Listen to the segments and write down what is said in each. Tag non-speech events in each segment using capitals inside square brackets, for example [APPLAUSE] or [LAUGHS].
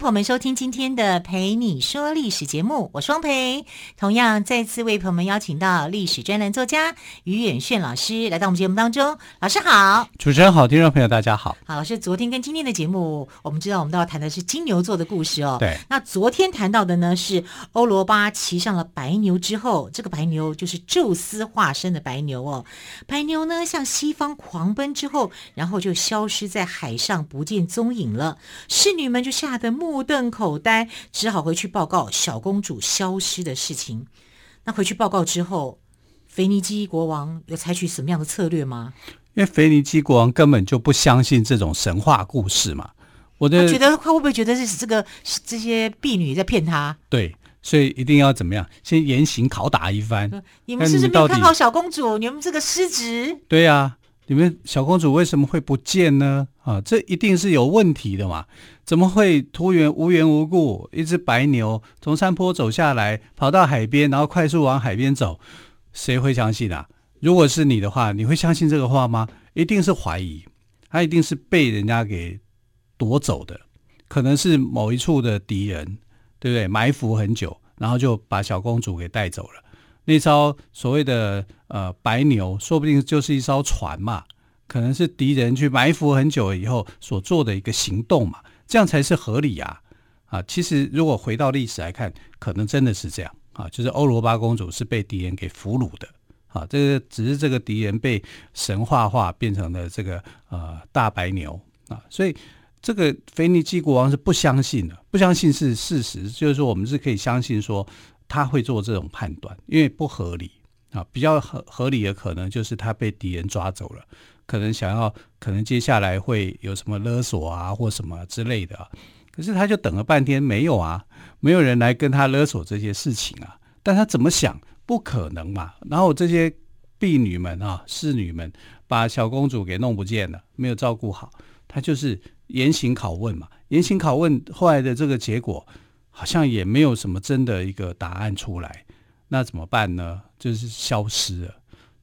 朋友們收聽今天的《蓓你說歷史》節目，我雙蓓同樣再次為朋友們邀請到歷史專欄作家於遠炫老師來到我們節目當中。老師好，主持人好，聽眾朋友大家好。好，老師，昨天跟今天的節目，我們知道我們都要談的是金牛座的故事哦。對，那昨天談到的呢是歐羅巴騎上了白牛之後，這個白牛就是宙斯化身的白牛哦。白牛呢向西方狂奔之後，然後就消失在海上，不見蹤影了。侍女們就嚇得目目瞪口呆，只好回去報告小公主消失的事情。那回去報告之後，腓尼基國王有採取什麼樣的策略嗎？因為腓尼基國王根本就不相信這種神話故事嘛。我覺得他會不會覺得是這個是這些婢女在騙他？對，所以一定要怎麼樣？先嚴刑拷打一番。呃、你們是不是沒看好小公主？你們這個失職？對啊。你們小公主為什麼會不見呢？啊，這一定是有問題的嘛。怎麼會突然無緣無故一只白牛從山坡走下來，跑到海邊，然後快速往海邊走？誰會相信啊？如果是你的話，你會相信這個話嗎？一定是懷疑，他一定是被人家給奪走的，可能是某一處的敵人，對不對？埋伏很久，然後就把小公主給帶走了。那艘所謂的呃白牛，說不定就是一艘船嘛，可能是敵人去埋伏很久以後所做的一個行動嘛，這樣才是合理呀！啊，啊，其實如果回到歷史來看，可能真的是這樣啊，就是歐羅巴公主是被敵人給俘虜的啊，這個只是這個敵人被神話化變成了這個呃大白牛啊，所以這個腓尼基國王是不相信的，不相信是事實，就是說我們是可以相信說。他會做這種判斷，因為不合理啊，比較合合理的可能就是他被敵人抓走了，可能想要，可能接下來會有什麼勒索啊，或什麼之類的啊。可是他就等了半天，沒有啊，沒有人來跟他勒索這些事情啊。但他怎麼想？不可能嘛。然後這些婢女們啊，侍女們把小公主給弄不見了，沒有照顧好，他就是嚴刑拷問嘛，嚴刑拷問後來的這個結果。好像也沒有什麼真的一個答案出來，那怎麼辦呢？就是消失了，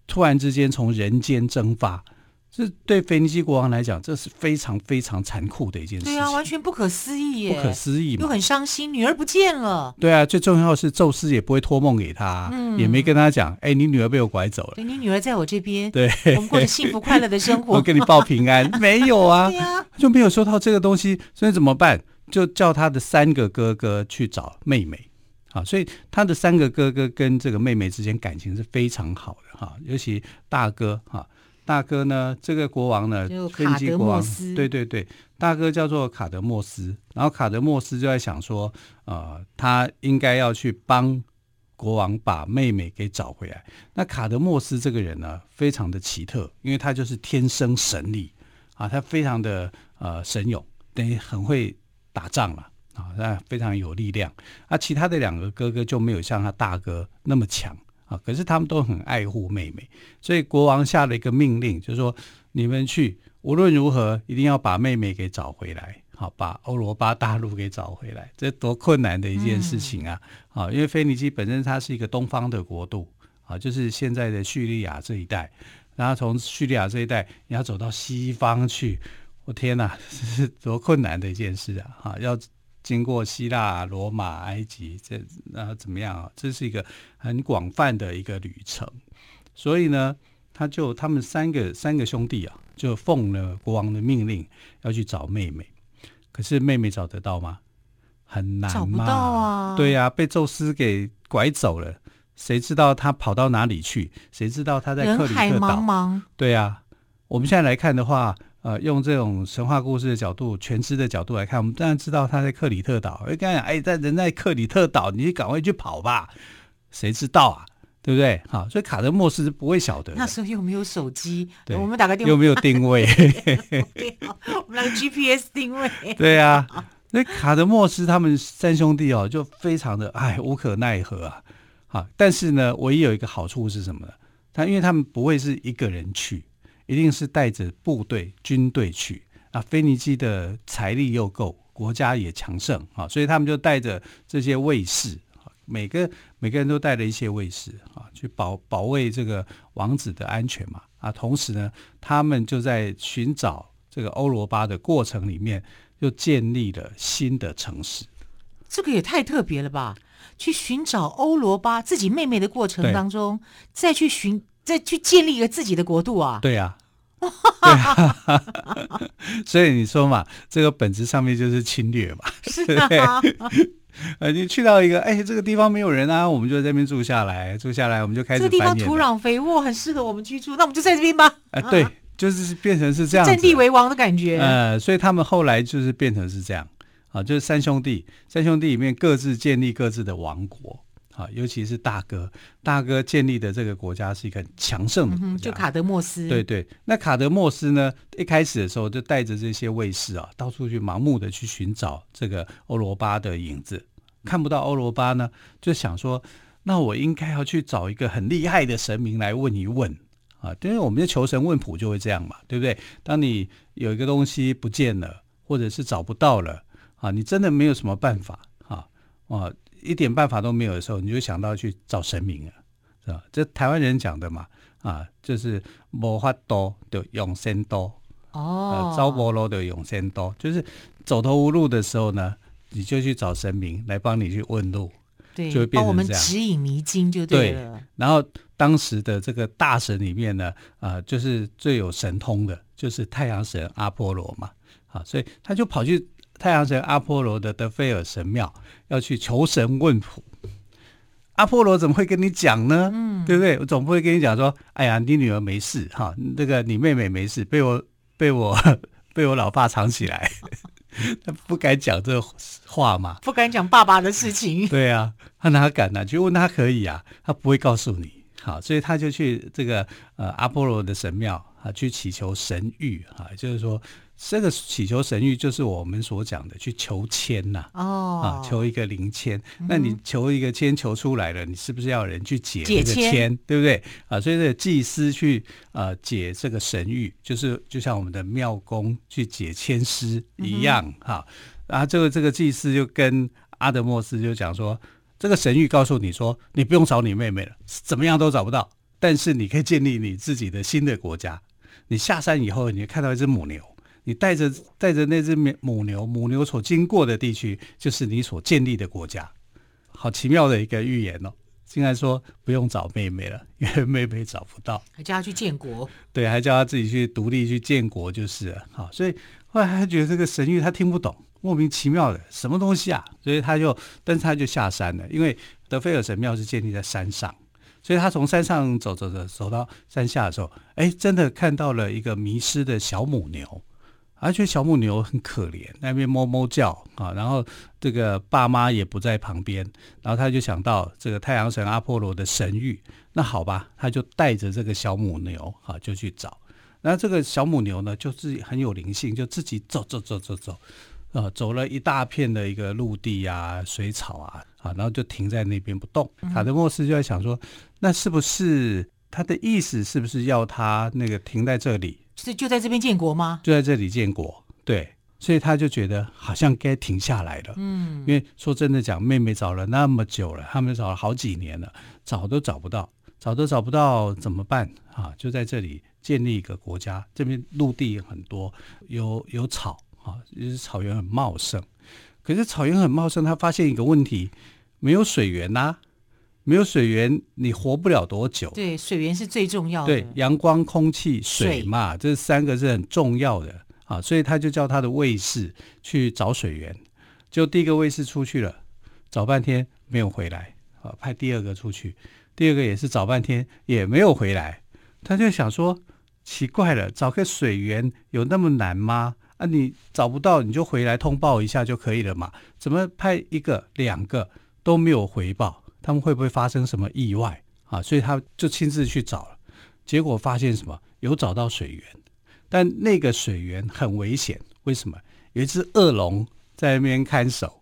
突然之間從人間蒸發。這對腓尼基國王來講，這是非常非常殘酷的一件事。對啊，完全不可思議耶，不可思議嘛，又很傷心，女兒不見了。對啊，最重要的是宙斯也不會托夢給他，嗯、也沒跟他講，哎、欸，你女兒被我拐走了，你女兒在我這邊，對，我們過着幸福快樂的生活， [LAUGHS] 我給你報平安，沒有啊， [LAUGHS] 啊就沒有收到這個東西，所以怎麼辦？就叫他的三個哥哥去找妹妹，啊，所以他的三個哥哥跟這個妹妹之間感情是非常好的，哈，尤其大哥，哈，大哥呢，這個國王呢，就卡德莫斯，對對對，大哥叫做卡德莫斯，然後卡德莫斯就在想說，呃，他應該要去幫國王把妹妹給找回來。那卡德莫斯這個人呢，非常的奇特，因為他就是天生神力，啊，他非常的呃神勇，等於很會。打仗了啊，那非常有力量。那其他的兩個哥哥就沒有像他大哥那麼強啊，可是他們都很愛護妹妹，所以國王下了一個命令，就是說你們去，無論如何一定要把妹妹給找回來，好，把歐羅巴大陸給找回來。這多困難的一件事情啊！好，嗯，因為腓尼基本身它是一個東方的國度，啊，就是現在的敘利亞這一帶，然後從敘利亞這一帶你要走到西方去。我天啊，這是多困難的一件事啊！哈、啊，要經過希臘、羅馬、埃及，這那、啊、怎麼樣啊？這是一個很廣泛的一個旅程。所以呢，他就他們三個三個兄弟啊，就奉了國王的命令要去找妹妹。可是妹妹找得到嗎？很難，找不到啊。對啊，被宙斯給拐走了。誰知道他跑到哪裡去？誰知道他在克里特島嗎？茫茫。對啊，我們現在來看的話。嗯呃，用這種神話故事的角度、全知的角度來看，我們當然知道他在克里特島。剛才講，哎，在人在克里特島，你趕快去跑吧，誰知道啊？對不對？好、啊，所以卡德莫斯是不會曉得。那時候又沒有手機，對我們打個電話，又沒有定位，我們來 GPS 定位。 [LAUGHS] 對啊，那卡德莫斯他們三兄弟哦，就非常的哎無可奈何啊。好、啊，但是呢，唯一有一個好處是什麼呢？他因為他們不會是一個人去。一定是帶着部隊、軍隊去、啊。腓尼基的財力又夠，國家也強盛啊，所以他們就帶着這些衛士、啊、每個每個人都帶着一些衛士啊，去保保衛這個王子的安全嘛。啊，同時呢，他們就在尋找這個歐羅巴的過程裡面，又建立了新的城市。這個也太特別了吧！去尋找歐羅巴自己妹妹的過程當中，對再去尋。再去建立一個自己的國度啊？對啊對啊，對啊 [LAUGHS] [LAUGHS] 所以你說嘛，這個本質上面就是侵略嘛，是啊嗎，對 [LAUGHS] 呃，你去到一個，哎，這個地方沒有人啊，我們就在這邊住下來，住下來，我們就開始。這個地方土壤肥沃，很適合我們居住，那我們就在這邊吧。哎、呃，對，就是變成是這樣，占地為王的感覺。呃，所以他們後來就是變成是這樣，啊，就是三兄弟，三兄弟裡面各自建立各自的王國。啊，尤其是大哥，大哥建立的這個國家是一個很強盛的國家，嗯、就卡德莫斯。對對，那卡德莫斯呢，一開始的時候就帶着這些衛士啊，到處去盲目的去尋找這個歐羅巴的影子，看不到歐羅巴呢，就想說，那我應該要去找一個很厲害的神明來問一問啊，因為我們的求神問卜就會這樣嘛，對不對？當你有一個東西不見了，或者是找不到了，啊，你真的沒有什麼辦法啊，啊。一點辦法都沒有的時候，你就想到去找神明了，是吧？這台灣人講的嘛，啊，就是沒法度就用神度哦，走無路就用神度，就是走投無路的時候呢，你就去找神明來幫你去問路，對，就會變成這樣、哦、我們指引迷津就對了對。然後當時的這個大神裡面呢，啊，就是最有神通的，就是太陽神阿波羅嘛，啊，所以他就跑去。太陽神阿波羅的德菲爾神廟要去求神問卜，阿波羅怎麼會跟你講呢？嗯，對不對？我總不會跟你講說，哎呀，你女兒沒事哈，那、這個你妹妹沒事，被我被我被我老爸藏起來， [LAUGHS] 他不敢講這話嘛，不敢講爸爸的事情。 [LAUGHS] 對啊，他哪敢呢、啊？就問他可以啊，他不會告訴你。好，所以他就去這個呃阿波羅的神廟啊，去祈求神諭啊，就是說這個祈求神諭就是我們所講的去求籤吶、啊，哦，啊求一個靈籤，嗯、哼那你求一個籤求出來了，你是不是要有人去解這個籤，千對不對？啊，所以這個祭司去呃解這個神諭，就是就像我們的廟公去解籤詩一樣哈、嗯哼，然後這個這個祭司就跟阿德莫斯就講說。這個神諭告訴你說，你不用找你妹妹了，怎麼樣都找不到。但是你可以建立你自己的新的國家。你下山以後，你看到一只母牛，你帶着帶着那只母牛，母牛所經過的地區，就是你所建立的國家。好奇妙的一個預言哦！竟然說不用找妹妹了，因為妹妹找不到，還叫他去建國。對，還叫他自己去獨立去建國就是了。好、哦，所以後來他覺得這個神諭他聽不懂。莫名其妙的什麼東西啊，所以他就，但是他就下山了，因為德菲爾神廟是建立在山上，所以他從山上走走走走到山下的時候，哎，真的看到了一個迷失的小母牛，而、啊、且小母牛很可憐，那邊哞哞叫啊，然後這個爸媽也不在旁邊，然後他就想到這個太陽神阿波羅的神諭。那好吧，他就帶着這個小母牛啊就去找，那、啊、這個小母牛呢，就是很有靈性，就自己走走走走走。走了一大片的一個陸地啊，水草啊，啊，然後就停在那邊不動。卡德莫斯就在想說，那是不是他的意思？是不是要他那個停在這裡？是就在這邊建國嗎？就在這裡建國。對，所以他就覺得好像該停下來了。嗯，因為說真的講，妹妹找了那麼久了，他們找了好幾年了，找都找不到，找都找不到怎麼辦啊？就在這裡建立一個國家。這邊陸地很多，有有草。啊，就是草原很茂盛。可是草原很茂盛，他發現一個問題，沒有水源呐、啊，沒有水源，你活不了多久。對，水源是最重要的。對，陽光、空氣、水嘛，對這三個是很重要的啊，所以他就叫他的衛士去找水源。就第一個衛士出去了，找半天沒有回來，啊，派第二個出去，第二個也是找半天也沒有回來，他就想說，奇怪了，找個水源有那麼難嗎？啊，你找不到你就回來通報一下就可以了嘛？怎麼派一個、兩個都沒有回報？他們會不會發生什麼意外啊？所以他就親自去找了，結果發現什麼？有找到水源，但那個水源很危險。為什麼？有一隻惡龍在那邊看守，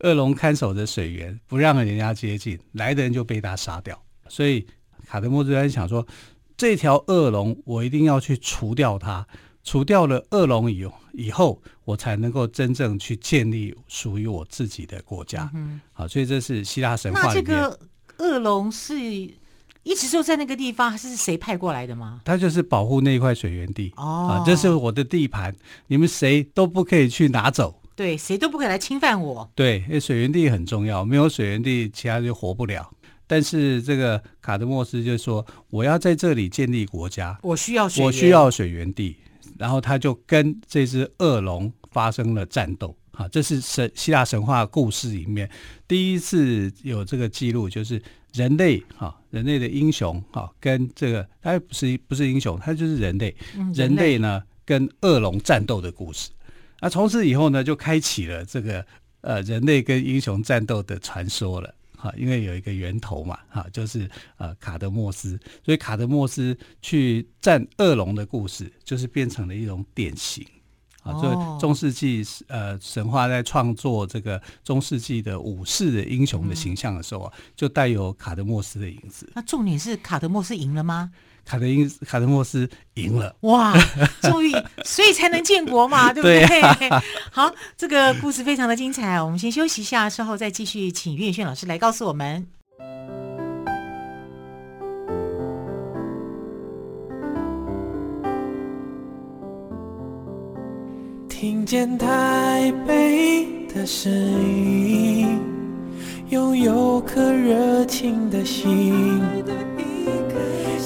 惡龍看守着水源，不讓人家接近，來的人就被他殺掉。所以卡德莫斯丹想說，這條惡龍我一定要去除掉它。除掉了惡龍以以後，我才能夠真正去建立屬於我自己的國家。嗯哼，好、啊，所以這是希臘神話裡面這個惡龍是一直就在那個地方，還是誰派過來的嗎？他就是保護那一塊水源地哦、啊，這是我的地盤，你們誰都不可以去拿走。對，誰都不可以來侵犯我。對，因為水源地很重要，沒有水源地，其他人就活不了。但是這個卡德莫斯就說：“我要在這裡建立國家，我需要水源，我需要水源地。”然後他就跟這隻惡龍發生了戰鬥，哈，這是神希臘神話故事裡面第一次有這個記錄，就是人類，哈，人類的英雄，哈，跟這個他不是不是英雄，他就是人類，人類跟、這個哎、呢跟惡龍戰鬥的故事，那、啊、從此以後呢就開啟了這個呃人類跟英雄戰鬥的傳說了。啊，因為有一個源頭嘛，哈，就是呃卡德莫斯，所以卡德莫斯去戰惡龍的故事，就是變成了一種典型，啊、哦，就中世紀呃神話在創作這個中世紀的武士的英雄的形象的時候啊，嗯、就帶有卡德莫斯的影子。那重點是卡德莫斯贏了嗎？卡德因卡德莫斯贏了，哇！終於，所以才能建國嘛， [LAUGHS] 對不對？對啊、好，這個故事非常的精彩，我們先休息一下，稍後再繼續，請岳永老師來告訴我們。聽見台北的聲音，擁有顆熱情的心。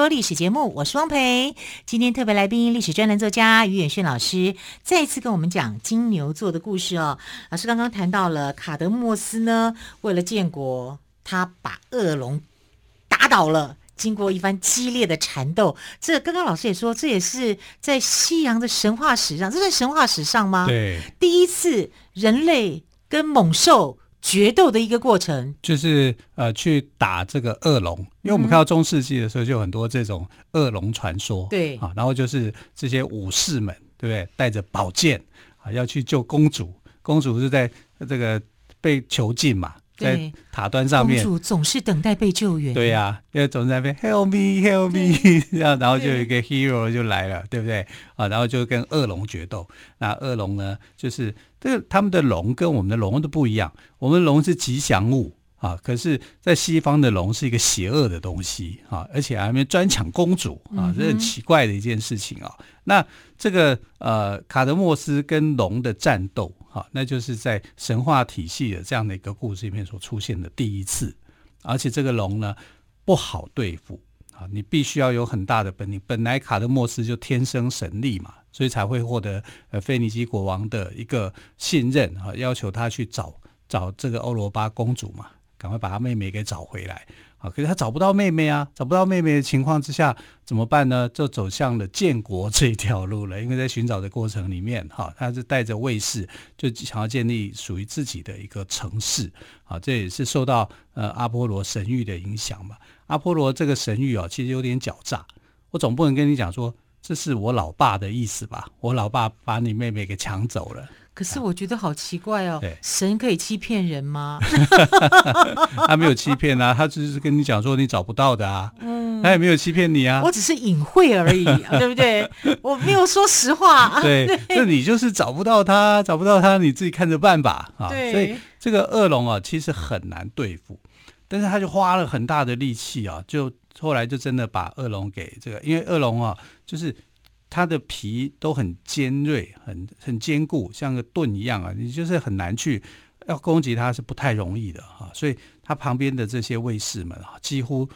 說歷史節目，我是汪蓓。今天特別來賓，歷史專欄作家余遠炫老師，再次跟我們講金牛座的故事哦。老師剛剛談到了卡德莫斯呢，為了建國，他把惡龍打倒了。經過一番激烈的纏鬥，這剛剛老師也說，這也是在西洋的神話史上，這在神話史上嗎？對，第一次人類跟猛獸。決鬥的一個過程，就是呃去打這個惡龍，因為我們看到中世紀的時候就有很多這種惡龍傳說，嗯、對啊，然後就是這些武士們，對不對，帶着寶劍啊要去救公主，公主是在這個被囚禁嘛。對在塔端上面，公主總是等待被救援。對呀、啊，為總在那邊 help me, help me，然後對 [LAUGHS] 然後就有一個 hero 就來了，對不對，對啊？然後就跟惡龍決鬥。那惡龍呢，就是這個他們的龍跟我們的龍都不一樣。我們的龍是吉祥物啊，可是，在西方的龍是一個邪惡的東西啊，而且還那邊專搶公主啊，嗯、哼這很奇怪的一件事情啊、哦。那這個呃，卡德莫斯跟龍的戰鬥。好，那就是在神話體系的這樣的一個故事裡面所出現的第一次，而且這個龍呢，不好對付啊，你必須要有很大的本領。本來卡德莫斯就天生神力嘛，所以才會獲得呃腓尼基國王的一個信任啊，要求他去找找這個歐羅巴公主嘛，趕快把他妹妹給找回來。可是他找不到妹妹啊！找不到妹妹的情況之下怎麼辦呢？就走向了建國這一條路了。因為在尋找的過程裡面，哈，他是帶着衛士，就想要建立屬於自己的一個城市。啊，這也是受到呃阿波羅神諭的影響嘛。阿波羅這個神諭哦，其實有點狡詐。我總不能跟你講說，這是我老爸的意思吧？我老爸把你妹妹給搶走了。可是我覺得好奇怪哦，啊、神可以欺騙人嗎？他沒有欺騙啊， [LAUGHS] 他只是跟你講說你找不到的啊，嗯、他也沒有欺騙你啊。我只是隱晦而已、啊， [LAUGHS] 對不對？我沒有說實話、啊。對，這對你就是找不到他，找不到他，你自己看着辦吧。啊。對，所以這個惡龍啊，其實很難對付，但是他就花了很大的力氣啊，就後來就真的把惡龍給這個，因為惡龍啊，就是。它的皮都很尖銳，很很堅固，像個盾一樣啊！你就是很難去要攻擊它，是不太容易的哈、啊。所以他旁邊的這些衛士們啊，幾乎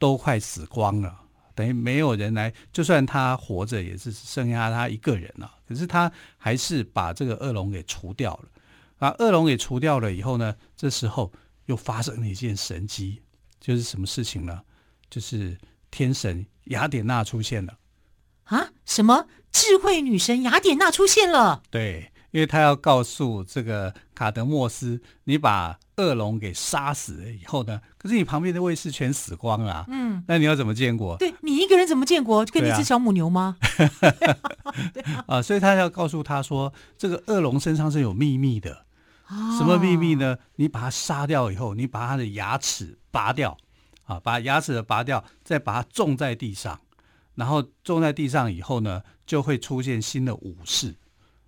都快死光了，等於沒有人來。就算他活着，也是剩下他一個人了、啊。可是他還是把這個惡龍給除掉了啊！惡龍給除掉了以後呢，這時候又發生了一件神蹟，就是什麼事情呢？就是天神雅典娜出現了。啊！什麼智慧女神雅典娜出現了？對，因為他要告訴這個卡德莫斯，你把惡龍給殺死了以後呢？可是你旁邊的衛士全死光了、啊。嗯，那你要怎麼建國？對你一個人怎麼建國？就跟你一只小母牛嗎？對啊, [LAUGHS] 啊，所以他要告訴他說，這個惡龍身上是有秘密的。啊、什麼秘密呢？你把它殺掉以後，你把它的牙齒拔掉，啊，把牙齒拔掉，再把它種在地上。然後種在地上以後呢，就會出現新的武士，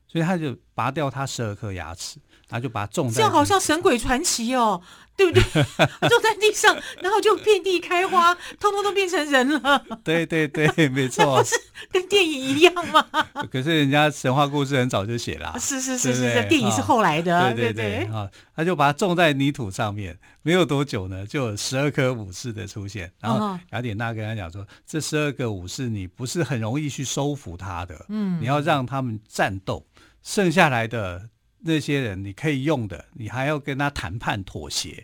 所以他就拔掉他十二顆牙齒。他、啊、就把它種在，這樣好像神鬼傳奇哦，對不對？種 [LAUGHS] 在地上，然後就遍地開花，通通都變成人了。對對對，沒錯。 [LAUGHS] 那不是跟電影一樣嗎？ [LAUGHS] 可是人家神話故事很早就寫了、啊。是，是是是是，對對電影是後來的、啊啊。對對對。對對啊，他就把它種在泥土上面，沒有多久呢，就有十二顆武士的出現。然後雅典娜跟他講說：“嗯、這十二個武士，你不是很容易去收服他的。嗯，你要讓他們戰鬥，剩下來的。”那些人你可以用的，你還要跟他談判妥協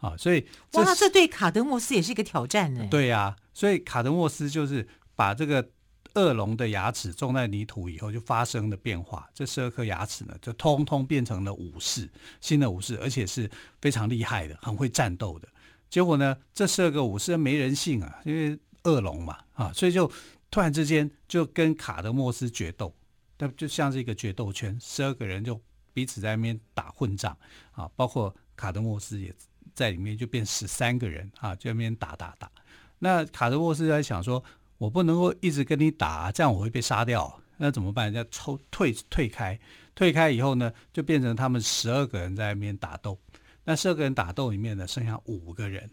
啊，所以哇，這對卡德莫斯也是一個挑戰呢。對呀，啊，所以卡德莫斯就是把這個惡龍的牙齒種在泥土以後，就發生了變化。這十二顆牙齒呢，就通通變成了武士，新的武士，而且是非常厲害的，很會戰鬥的。結果呢，這十二個武士沒人性啊，因為惡龍嘛啊，所以就突然之間就跟卡德莫斯決鬥，那就像是一個決鬥圈，十二個人就。彼此在那邊打混戰啊，包括卡德莫斯也在裡面，就變十三個人啊，就在那邊打打打。那卡德莫斯在想說，我不能夠一直跟你打啊，這樣我會被殺掉啊，那怎麼辦？人家抽退退開，退開以後呢，就變成他們十二個人在那邊打鬥。那十二個人打鬥裡面呢，剩下五個人，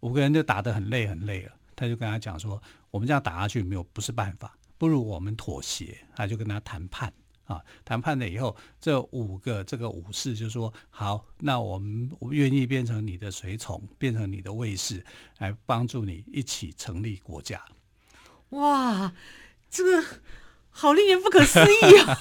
五個人就打得很累很累了。他就跟他講說，我們這樣打下去沒有不是辦法，不如我們妥協，他就跟他談判。啊，談判了以後，這五個這個武士就說：“好，那我們願意變成你的隨從，變成你的衛士，來幫助你一起成立國家。”哇，這個好令人不可思議啊，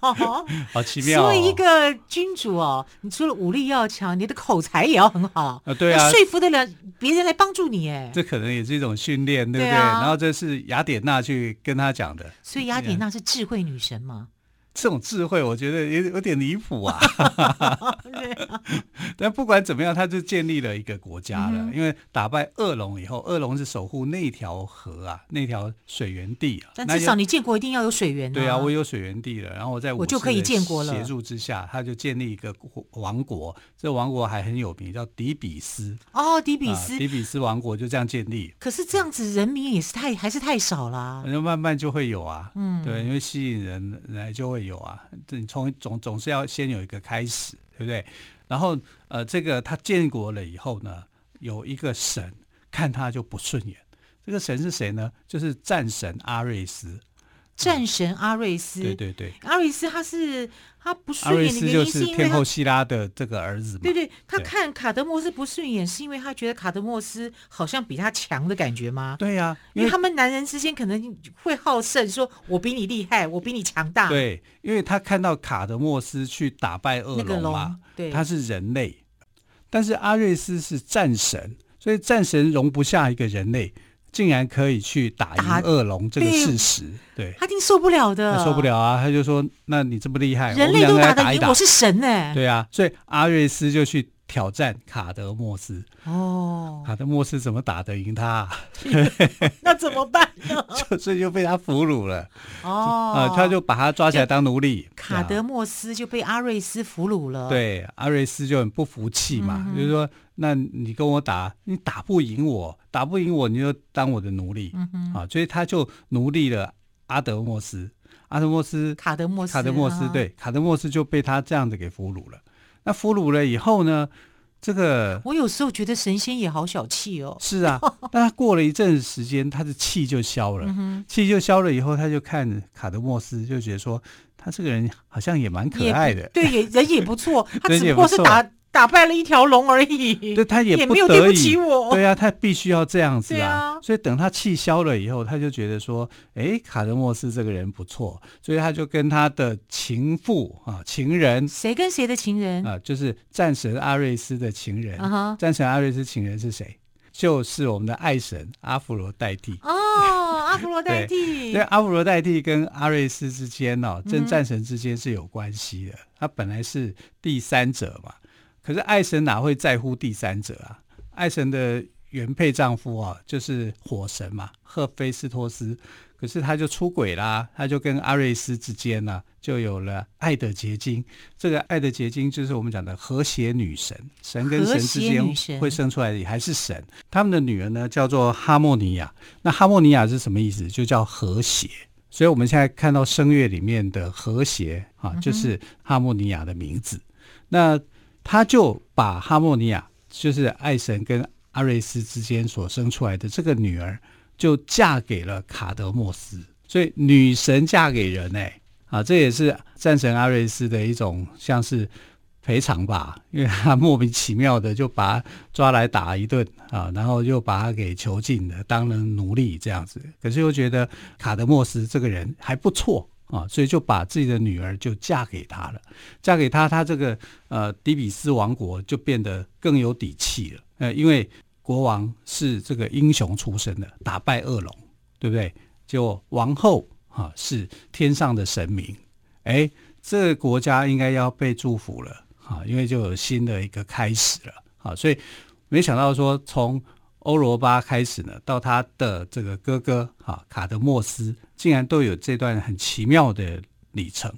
哦！ [LAUGHS] 好奇妙哦。作為一個君主哦，你除了武力要強，你的口才也要很好啊。對啊，那說服得了別人來幫助你哎。這可能也是一種訓練，對不對？對啊。然後這是雅典娜去跟他講的，所以雅典娜是智慧女神嘛。這種智慧，我覺得有有點離譜啊。 [LAUGHS] 但不管怎麼樣，他就建立了一個國家了。嗯、哼因為打敗惡龍以後，惡龍是守護那條河啊，那條水源地啊。但至少就你建國一定要有水源、啊。對啊，我有水源地了，然後我在我就可以建國了。協助之下，他就建立一個王國。這個，王國還很有名，叫底比斯。哦，底比斯，啊，底比斯王國就這樣建立。可是這樣子，人民也是太還是太少啦，啊。反正慢慢就會有啊。嗯，對，因為吸引人，人來就會有。有啊，這你從總總是要先有一個開始，對不對？然後，呃，這個他建國了以後呢，有一個神看他就不順眼，這個神是誰呢？就是戰神阿瑞斯。戰神阿瑞斯，嗯、對對對，阿瑞斯他是他不順眼的原因是因為阿瑞斯就是天後希拉的這個兒子嘛？對對，他看卡德莫斯不順眼，是因為他覺得卡德莫斯好像比他強的感覺嗎？對呀、啊，因為，因為他們男人之間可能會好勝，說我比你厲害，我比你強大。對，因為他看到卡德莫斯去打敗惡龍嘛，龍，對，他是人類，但是阿瑞斯是戰神，所以戰神容不下一個人類。竟然可以去打贏惡龍這個事實，對、啊，他一定受不了的，受不了啊！他就說：“那你這麼厲害，人類都打得贏，我，打打我是神呢、欸。”對啊，所以阿瑞斯就去。挑戰卡德莫斯哦，卡德莫斯怎麼打得贏他？ [LAUGHS] 那怎麼辦呢？就所以就被他俘虜了哦、呃。他就把他抓起來當奴隸。卡德莫斯就被阿瑞斯俘虜了、啊。對，阿瑞斯就很不服氣嘛，嗯、哼就是說，那你跟我打，你打不贏我，打不贏我，你就當我的奴隸。嗯嗯哼。啊，所以他就奴隸了阿德莫斯。阿德莫斯。卡德莫斯，啊、卡德莫斯。卡德莫斯對，卡德莫斯就被他這樣子給俘虜了。那俘虜了以後呢？這個我有時候覺得神仙也好小氣哦。是啊， [LAUGHS] 但他過了一陣時間，他的氣就消了，嗯、哼氣就消了以後，他就看卡德莫斯，就覺得說他這個人好像也蠻可愛的，對，也人也不錯， [LAUGHS] 他只不過是打。打敗了一條龍而已，對他也,也沒有對不起我，對啊，他必須要這樣子啊，啊所以等他氣消了以後，他就覺得說，哎、欸，卡德莫斯這個人不錯，所以他就跟他的情婦啊，情人，誰跟誰的情人啊，就是戰神阿瑞斯的情人、uh huh、戰神阿瑞斯情人是誰？就是我們的愛神阿弗羅戴帝。哦，oh, 阿弗羅戴帝。 [LAUGHS] 對，阿弗羅戴帝跟阿瑞斯之間哦、啊，跟戰神之間是有關係的，uh huh. 他本來是第三者嘛。可是愛神哪會在乎第三者啊？愛神的原配丈夫啊，就是火神嘛，赫菲斯托斯。可是他就出軌啦、啊，他就跟阿瑞斯之間呢、啊，就有了愛的結晶。這個愛的結晶就是我們講的和諧女神，神跟神之間會生出來的也還是神。神他們的女兒呢，叫做哈莫尼亞。那哈莫尼亞是什麼意思？就叫和諧。所以我們現在看到聲樂裡面的和諧啊，就是哈莫尼亞的名字。嗯、哼那他就把哈莫尼亞，就是愛神跟阿瑞斯之間所生出來的這個女兒，就嫁給了卡德莫斯。所以女神嫁給人，欸，呢。啊，這也是戰神阿瑞斯的一種像是賠償吧，因為他莫名其妙的就把他抓來打一頓啊，然後又把他給囚禁了，當了奴隸這樣子。可是又覺得卡德莫斯這個人還不錯。啊，所以就把自己的女兒就嫁給他了，嫁給他，他這個呃底比斯王國就變得更有底氣了，呃，因為國王是這個英雄出身的，打敗惡龍，對不對？就王后哈、啊、是天上的神明，哎、欸，這個國家應該要被祝福了哈、啊，因為就有新的一個開始了啊，所以沒想到說從。歐羅巴開始呢，到他的這個哥哥，哈、卡德莫斯，竟然都有這段很奇妙的旅程。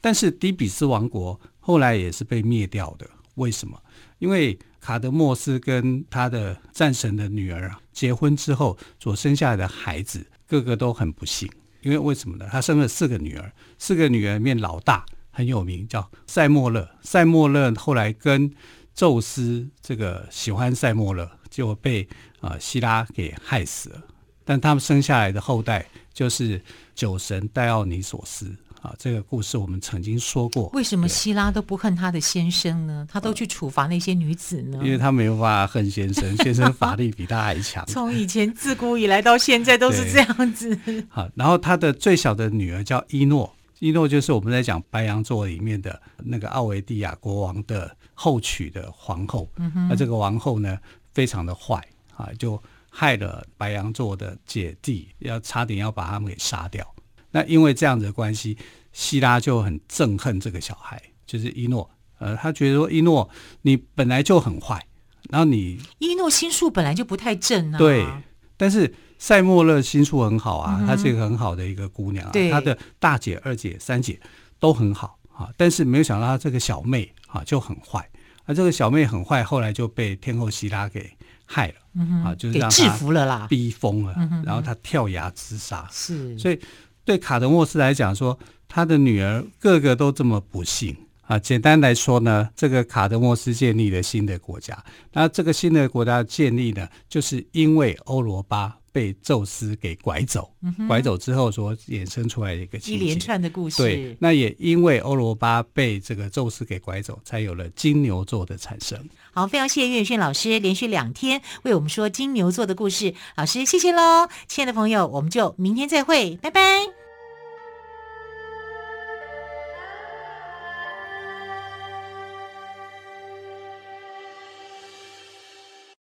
但是底比斯王國後來也是被滅掉的，為什麼？因為卡德莫斯跟他的戰神的女兒、啊、結婚之後所生下來的孩子個個都很不幸，因為為什麼呢？他生了四個女兒，四個女兒裡面老大很有名，叫塞莫勒，塞莫勒後來跟宙斯，這個喜歡塞莫勒，就被啊、呃、希拉給害死了，但他們生下來的後代就是酒神戴奧尼索斯啊。這個故事我們曾經說過。為什麼希拉對都不恨他的先生呢？他都去處罰那些女子呢、呃？因為他沒有辦法恨先生，先生法力比他還強。 [LAUGHS] 從以前自古以來到現在都是這樣子。好，然後他的最小的女兒叫伊諾，伊諾就是我們在講白羊座裡面的那個奧維蒂亞國王的後娶的皇後。嗯那哼、啊、這個皇後呢？非常的壞啊，就害了白羊座的姐弟，要差點要把他們給殺掉。那因為這樣子的關係，希拉就很憎恨這個小孩，就是伊諾。呃，她覺得說伊諾你本來就很壞，然後你伊諾心術本來就不太正啊。對，但是塞莫勒心術很好啊，嗯、哼她是一個很好的一個姑娘啊。對她的大姐、二姐、三姐都很好啊，但是沒有想到她這個小妹啊就很壞。那、啊、這個小妹很壞，後來就被天後希拉給害了，嗯、哼啊，就是讓她給制服了啦，逼瘋了，然後她跳崖自殺。是、嗯，嗯，所以對卡德莫斯來講說，他的女兒個個都這麼不幸啊。簡單來說呢，這個卡德莫斯建立了新的國家，那這個新的國家建立呢，就是因為歐羅巴。被宙斯給拐走，拐走之後所衍生出來一個一連串的故事。對，那也因為歐羅巴被這個宙斯給拐走，才有了金牛座的產生。好，非常謝謝岳宇軒老師連續兩天為我們說金牛座的故事，老師謝謝嘍，親愛的朋友，我們就明天再會，拜拜。